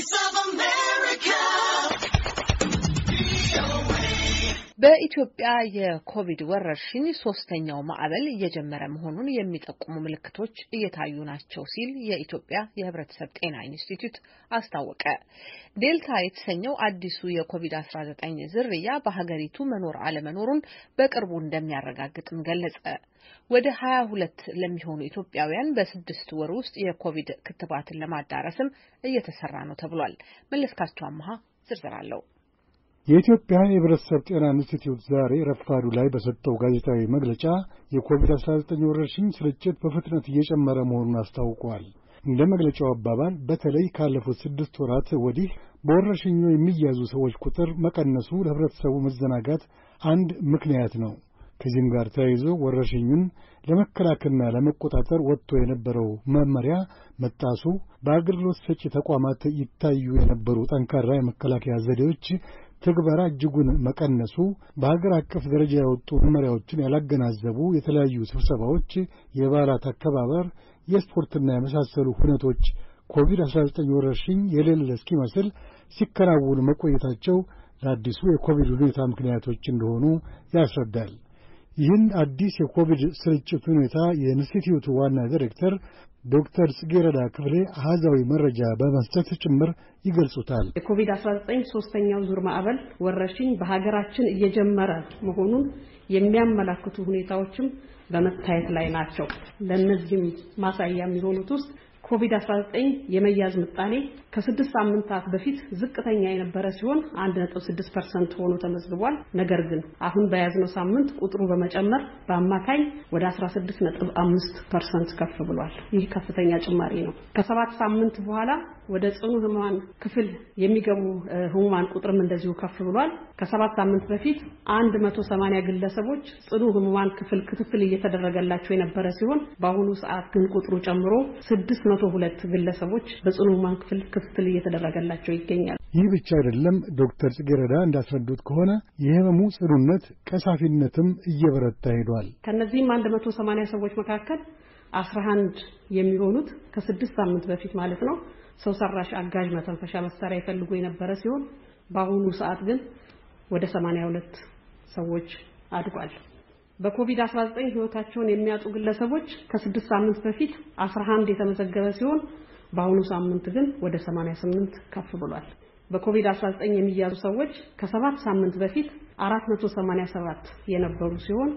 voice of በኢትዮጵያ የኮቪድ ወረርሽኝ ሶስተኛው ማዕበል እየጀመረ መሆኑን የሚጠቁሙ ምልክቶች እየታዩ ናቸው ሲል የኢትዮጵያ የሕብረተሰብ ጤና ኢንስቲትዩት አስታወቀ። ዴልታ የተሰኘው አዲሱ የኮቪድ-19 ዝርያ በሀገሪቱ መኖር አለመኖሩን በቅርቡ እንደሚያረጋግጥም ገለጸ። ወደ 22 ለሚሆኑ ኢትዮጵያውያን በስድስት ወር ውስጥ የኮቪድ ክትባትን ለማዳረስም እየተሰራ ነው ተብሏል። መለስካቸው አመሃ ዝርዝር አለው። የኢትዮጵያ የህብረተሰብ ጤና ኢንስቲትዩት ዛሬ ረፋዱ ላይ በሰጠው ጋዜጣዊ መግለጫ የኮቪድ-19 ወረርሽኝ ስርጭት በፍጥነት እየጨመረ መሆኑን አስታውቋል። እንደ መግለጫው አባባል በተለይ ካለፉት ስድስት ወራት ወዲህ በወረርሽኙ የሚያዙ ሰዎች ቁጥር መቀነሱ ለህብረተሰቡ መዘናጋት አንድ ምክንያት ነው። ከዚህም ጋር ተያይዞ ወረርሽኙን ለመከላከልና ለመቆጣጠር ወጥቶ የነበረው መመሪያ መጣሱ፣ በአገልግሎት ሰጪ ተቋማት ይታዩ የነበሩ ጠንካራ የመከላከያ ዘዴዎች ትግበራ እጅጉን መቀነሱ በሀገር አቀፍ ደረጃ የወጡ መመሪያዎችን ያላገናዘቡ የተለያዩ ስብሰባዎች፣ የበዓላት አከባበር፣ የስፖርትና የመሳሰሉ ሁነቶች ኮቪድ-19 ወረርሽኝ የሌለ እስኪመስል ሲከናወኑ መቆየታቸው ለአዲሱ የኮቪድ ሁኔታ ምክንያቶች እንደሆኑ ያስረዳል። ይህን አዲስ የኮቪድ ስርጭት ሁኔታ የኢንስቲትዩቱ ዋና ዲሬክተር ዶክተር ጽጌረዳ ክፍሌ አሃዛዊ መረጃ በመስጠት ጭምር ይገልጹታል። የኮቪድ-19 ሶስተኛው ዙር ማዕበል ወረርሽኝ በሀገራችን እየጀመረ መሆኑን የሚያመላክቱ ሁኔታዎችም በመታየት ላይ ናቸው። ለእነዚህም ማሳያ የሚሆኑት ውስጥ ኮቪድ-19 የመያዝ ምጣኔ ከስድስት ሳምንታት በፊት ዝቅተኛ የነበረ ሲሆን 1.6% ሆኖ ተመዝግቧል። ነገር ግን አሁን በያዝነው ሳምንት ቁጥሩ በመጨመር በአማካኝ ወደ 16.5% ከፍ ብሏል። ይህ ከፍተኛ ጭማሪ ነው። ከሰባት ሳምንት በኋላ ወደ ጽኑ ህሙማን ክፍል የሚገቡ ህሙማን ቁጥርም እንደዚሁ ከፍ ብሏል። ከሰባት ሳምንት በፊት አንድ መቶ ሰማንያ ግለሰቦች ጽኑ ህሙማን ክፍል ክትትል እየተደረገላቸው የነበረ ሲሆን በአሁኑ ሰዓት ግን ቁጥሩ ጨምሮ ስድስት መቶ ሁለት ግለሰቦች በጽኑ ህሙማን ክፍል ክትትል እየተደረገላቸው ይገኛል። ይህ ብቻ አይደለም። ዶክተር ጽጌረዳ እንዳስረዱት ከሆነ የህመሙ ጽኑነት ቀሳፊነትም እየበረታ ሄዷል። ከእነዚህም አንድ መቶ ሰማንያ ሰዎች መካከል አስራ አንድ የሚሆኑት ከስድስት ሳምንት በፊት ማለት ነው ሰው ሰራሽ አጋዥ መተንፈሻ መሳሪያ ይፈልጉ የነበረ ሲሆን በአሁኑ ሰዓት ግን ወደ 82 ሰዎች አድጓል። በኮቪድ-19 ህይወታቸውን የሚያጡ ግለሰቦች ከስድስት ሳምንት በፊት 11 የተመዘገበ ሲሆን በአሁኑ ሳምንት ግን ወደ 88 ከፍ ብሏል። በኮቪድ-19 የሚያዙ ሰዎች ከሰባት ሳምንት በፊት 487 የነበሩ ሲሆን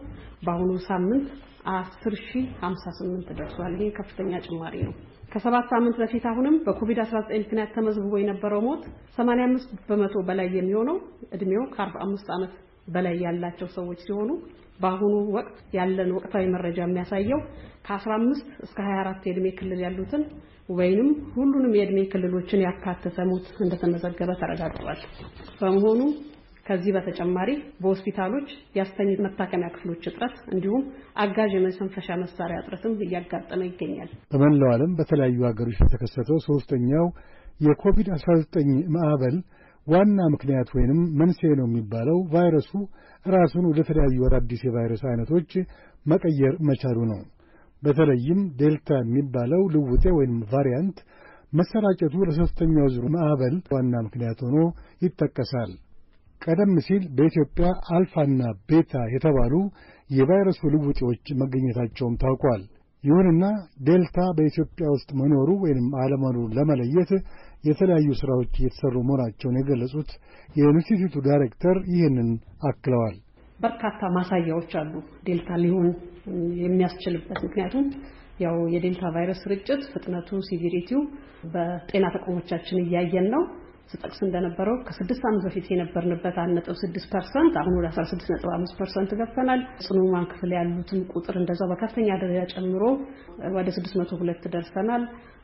በአሁኑ ሳምንት 10058 ደርሷል። ይህ ከፍተኛ ጭማሪ ነው። ከሰባት ሳምንት በፊት አሁንም በኮቪድ-19 ምክንያት ተመዝግቦ የነበረው ሞት 85 በመቶ በላይ የሚሆነው እድሜው ከ45 ዓመት በላይ ያላቸው ሰዎች ሲሆኑ በአሁኑ ወቅት ያለን ወቅታዊ መረጃ የሚያሳየው ከ15 እስከ 24 የእድሜ ክልል ያሉትን ወይንም ሁሉንም የእድሜ ክልሎችን ያካተተ ሞት እንደተመዘገበ ተረጋግጧል። በመሆኑ ከዚህ በተጨማሪ በሆስፒታሎች የአስተኝ መታከሚያ ክፍሎች እጥረት እንዲሁም አጋዥ የመሰንፈሻ መሳሪያ እጥረትም እያጋጠመ ይገኛል። በመላው ዓለም በተለያዩ ሀገሮች የተከሰተው ሶስተኛው የኮቪድ-19 ማዕበል ዋና ምክንያት ወይንም መንስኤ ነው የሚባለው ቫይረሱ ራሱን ወደ ተለያዩ አዳዲስ የቫይረስ አይነቶች መቀየር መቻሉ ነው። በተለይም ዴልታ የሚባለው ልውጤ ወይም ቫሪያንት መሰራጨቱ ለሶስተኛው ዙር ማዕበል ዋና ምክንያት ሆኖ ይጠቀሳል። ቀደም ሲል በኢትዮጵያ አልፋና ቤታ የተባሉ የቫይረሱ ልውጤዎች መገኘታቸውም ታውቋል። ይሁንና ዴልታ በኢትዮጵያ ውስጥ መኖሩ ወይም አለመኖሩን ለመለየት የተለያዩ ሥራዎች እየተሠሩ መሆናቸውን የገለጹት የኢንስቲትዩቱ ዳይሬክተር ይህንን አክለዋል። በርካታ ማሳያዎች አሉ ዴልታ ሊሆን የሚያስችልበት ምክንያቱም ያው የዴልታ ቫይረስ ስርጭት ፍጥነቱ፣ ሲቪሪቲው በጤና ተቋሞቻችን እያየን ነው። ስጠቅስ እንደነበረው ከስድስት ዓመት በፊት የነበርንበት አንድ ነጥብ ስድስት ፐርሰንት አሁን ወደ አስራ ስድስት ነጥብ አምስት ፐርሰንት ገብተናል። ጽኑ ሕሙማን ክፍል ያሉትን ቁጥር እንደዛው በከፍተኛ ደረጃ ጨምሮ ወደ ስድስት መቶ ሁለት ደርሰናል።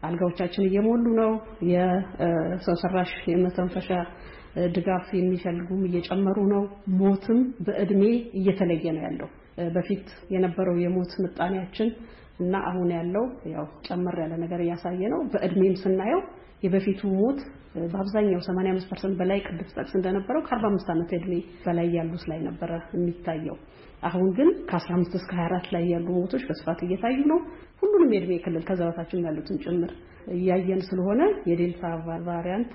አልጋዎቻችን እየሞሉ ነው። የሰው ሰራሽ የመተንፈሻ ድጋፍ የሚፈልጉም እየጨመሩ ነው። ሞትም በእድሜ እየተለየ ነው ያለው። በፊት የነበረው የሞት ምጣኔያችን እና አሁን ያለው ያው ጨመር ያለ ነገር እያሳየ ነው። በእድሜም ስናየው የበፊቱ ሞት በአብዛኛው 85% በላይ ቅድም ጠቅስ እንደነበረው ከ45 ዓመት እድሜ በላይ ያሉት ላይ ነበረ የሚታየው። አሁን ግን ከ15 እስከ 24 ላይ ያሉ ሞቶች በስፋት እየታዩ ነው። ሁሉንም የእድሜ ክልል ከዛ በታችም ያሉትን ጭምር እያየን ስለሆነ የዴልታ ቫሪያንት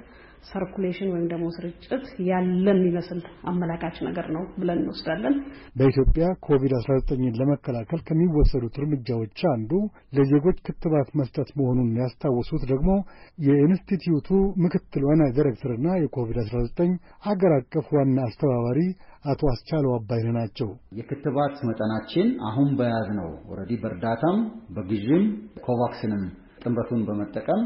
ሰርኩሌሽን ወይም ደግሞ ስርጭት ያለ የሚመስል አመላካች ነገር ነው ብለን እንወስዳለን። በኢትዮጵያ ኮቪድ 19 ዘጠኝን ለመከላከል ከሚወሰዱት እርምጃዎች አንዱ ለዜጎች ክትባት መስጠት መሆኑን ያስታወሱት ደግሞ የኢንስቲትዩቱ ምክትል ዋና ዳይሬክተርና የኮቪድ-19 አገር አቀፍ ዋና አስተባባሪ አቶ አስቻለው አባይነ ናቸው። የክትባት መጠናችን አሁን በያዝ ነው ኦልሬዲ በእርዳታም በግዥም ኮቫክስንም ጥምረቱን በመጠቀም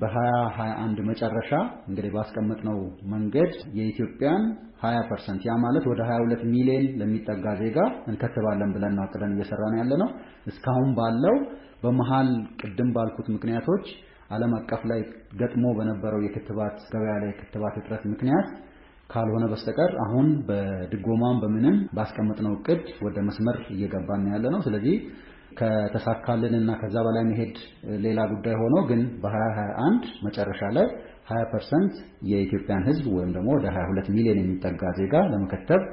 በ2021 መጨረሻ እንግዲህ ባስቀመጥነው መንገድ የኢትዮጵያን 20 ፐርሰንት ያ ማለት ወደ 22 ሚሊዮን ለሚጠጋ ዜጋ እንከትባለን ብለን አቅደን እየሰራን ያለ ነው። እስካሁን ባለው በመሃል ቅድም ባልኩት ምክንያቶች ዓለም አቀፍ ላይ ገጥሞ በነበረው የክትባት ገበያ ላይ የክትባት እጥረት ምክንያት ካልሆነ በስተቀር አሁን በድጎማም በምንም ባስቀመጥነው እቅድ ወደ መስመር እየገባን ያለ ነው። ስለዚህ ከተሳካልን እና ከዛ በላይ መሄድ ሌላ ጉዳይ ሆኖ ግን በ2021 መጨረሻ ላይ 20 ፐርሰንት የኢትዮጵያን ሕዝብ ወይም ደግሞ ወደ 22 ሚሊዮን የሚጠጋ ዜጋ ለመከተብ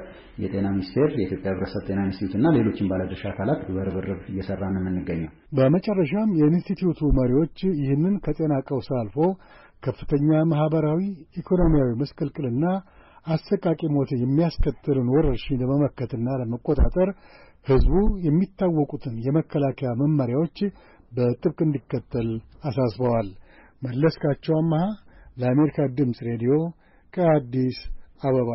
የጤና ሚኒስቴር፣ የኢትዮጵያ ሕብረተሰብ ጤና ኢንስቲትዩት እና ሌሎችን ባለድርሻ አካላት በርብርብ እየሰራን የምንገኘው። በመጨረሻም የኢንስቲትዩቱ መሪዎች ይህንን ከጤና ቀውስ አልፎ ከፍተኛ ማህበራዊ ኢኮኖሚያዊ መስቀልቅልና አሰቃቂ ሞት የሚያስከትልን ወረርሽኝ ለመመከትና ለመቆጣጠር ሕዝቡ የሚታወቁትን የመከላከያ መመሪያዎች በጥብቅ እንዲከተል አሳስበዋል። መለስካቸው አምሃ ለአሜሪካ ድምፅ ሬዲዮ ከአዲስ አበባ